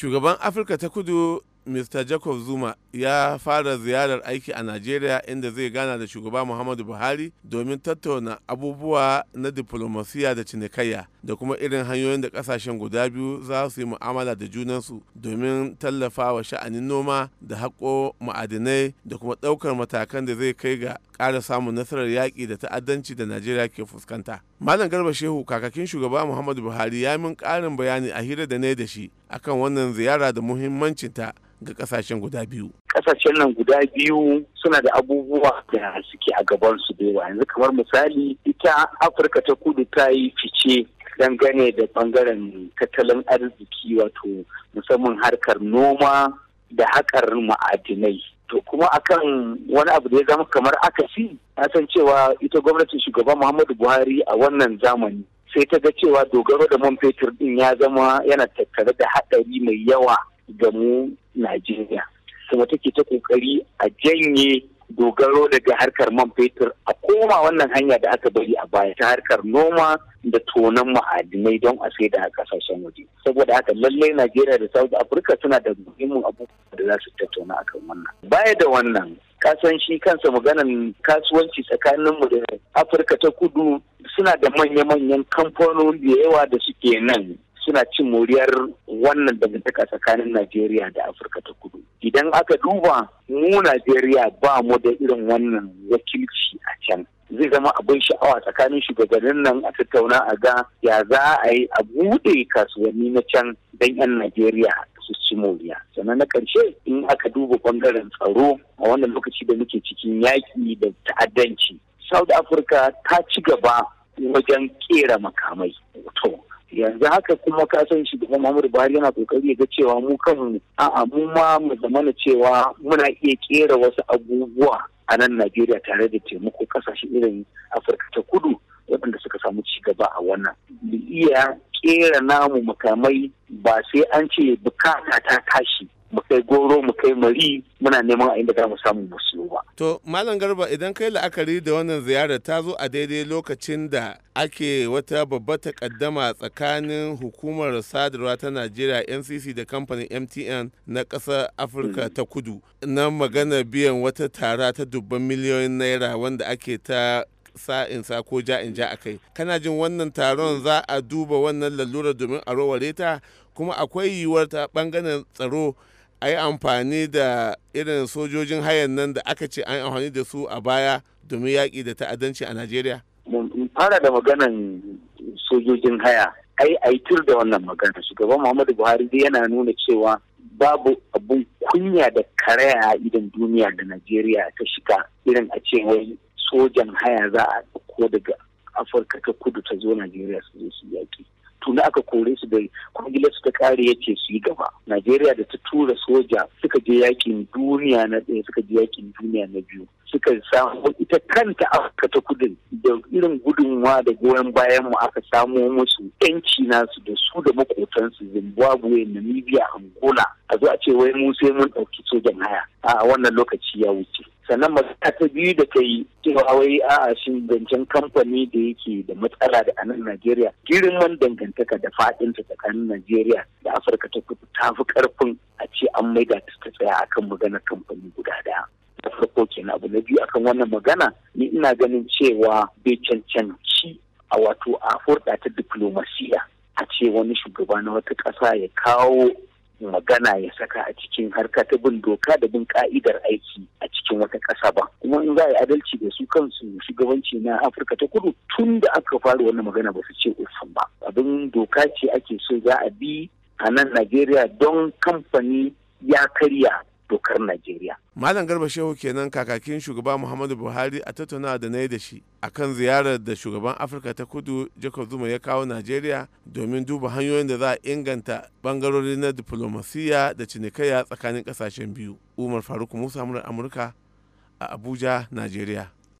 shugaban afirka ta kudu mr jacob zuma ya fara ziyarar aiki a najeriya inda zai gana da shugaba muhammadu buhari domin tattauna abubuwa na diplomasiya da cinikayya da kuma irin hanyoyin da kasashen guda biyu za su yi mu'amala da junansu domin tallafa wa sha'anin noma da haƙo ma'adinai da kuma ɗaukar matakan da zai kai ga ƙara samun nasarar yaƙi da ta'addanci da najeriya ke fuskanta malam garba shehu kakakin shugaba muhammadu buhari ya min ƙarin bayani a hira da ne da shi akan wannan ziyara da muhimmancinta ga kasashen guda biyu. Kasashen nan guda biyu suna da abubuwa da suke a gabansu da yawa yanzu kamar misali ita Afirka ta kudu ta yi fice dangane da bangaren tattalin arziki wato musamman harkar noma da haƙar ma'adinai to kuma akan wani abu da ya zama kamar akasi na san cewa ita gwamnatin shugaban muhammadu buhari a wannan zamani sai ta ga cewa dogaro da man fetur din ya zama yana tattare da haɗari mai yawa ga mu najeriya kuma take ta ƙoƙari a janye dogaro daga harkar man fetur a koma wannan hanya da aka bari a baya ta harkar noma da tonon ma'adinai don a saida a kasashen waje saboda haka lallai najeriya da south africa suna da muhimmin abubuwa da za su tattauna akan wannan baya da wannan kasan shi kansa maganan kasuwanci tsakanin mu da afirka ta kudu suna da manya-manyan kamfanoni da yawa da suke nan suna cin moriyar wannan dangantaka tsakanin Najeriya da Afirka ta Kudu. Idan aka duba mu Najeriya ba mu da irin wannan wakilci a can. zai zama abin sha'awa tsakanin shugabannin nan a tattauna a ga ya za a yi a buɗe kasuwanni na can don 'yan Najeriya su ci moriya. Sannan na ƙarshe in aka duba ɓangaren tsaro a wannan lokaci da muke cikin yaƙi da ta'addanci. South Africa ta ci gaba wajen ƙera makamai. yanzu haka kuma ka san shi shugaban Muhammadu Buhari yana kokari ga cewa mu kanmu a'a mu ma mu zamana cewa muna iya kera wasu abubuwa a nan Najeriya tare da taimako kasashe irin Afirka ta Kudu waɗanda suka samu ci gaba a wannan. Mu iya kera namu makamai ba sai an ce bukata ta tashi mu kai goro mu kai mari muna neman a inda za mu samu mu ba. To Malam Garba idan kai la'akari da wannan ziyara ta zo a daidai lokacin da ake wata babbar takaddama tsakanin hukumar sadarwa ta Najeriya NCC da kamfanin MTN na ƙasar Afirka mm. ta Kudu na magana biyan wata tara ta dubban miliyoyin naira wanda ake ta sa in sa ko ja in ja a kai kana jin wannan taron za a duba wannan lalura domin a raware ta kuma akwai yiwuwar ta bangaren tsaro a yi amfani da irin sojojin hayan nan da aka ce an amfani da su a baya domin yaƙi da ta'addanci a najeriya fara da maganan sojojin haya ai aitir da wannan magana shugaban muhammadu buhari dai yana nuna cewa babu abun kunya da karaya a idan duniya da najeriya ta shiga irin a ce wai sojan haya za a ko daga afirka ta kudu ta zo najeriya su zo su yaƙi tuna aka kore su da kwangilar su ta kare yake su yi gaba najeriya da ta tura soja suka je yakin duniya na ɗaya suka je yakin duniya na biyu suka samu ita kanta afirka ta kudu da irin gudunwa da goyon bayan mu aka samo musu yanci nasu da su da makotansu zimbabwe namibia angola a zo a ce wai mu sai mun ɗauki sojan haya a wannan lokaci ya wuce sannan ta ta biyu da kai cewa wai a shi zancen kamfani da yake da matsala da anan Najeriya girman dangantaka da faɗinta tsakanin Najeriya da Afirka ta kudu ta fi ƙarfin a ce an maida ta tsaya akan maganar kamfani guda daya. Da farko kenan abu na biyu akan wannan magana ni ina ganin cewa bai cancanci a wato a furɗa ta diplomasiya a ce wani shugaba na wata ƙasa ya kawo magana ya saka a cikin harka ta bin doka da bin ka'idar aiki a cikin wata ƙasa ba kuma in za a yi adalci da su kansu shugabanci na afirka ta kudu tun da aka fara wannan magana ba su ce uffan ba abin doka ce ake so za a bi a nan najeriya don kamfani ya karya dokar Najeriya. Malam Garba Shehu kenan kakakin shugaba Muhammadu Buhari a tattauna da na yi da shi a kan ziyarar da shugaban Afirka ta Kudu Jacob Zuma ya kawo Najeriya domin duba hanyoyin da za a inganta bangarori na diplomasiya da cinikayya tsakanin kasashen biyu. Umar Faruk Musa Amurka a Abuja, Najeriya.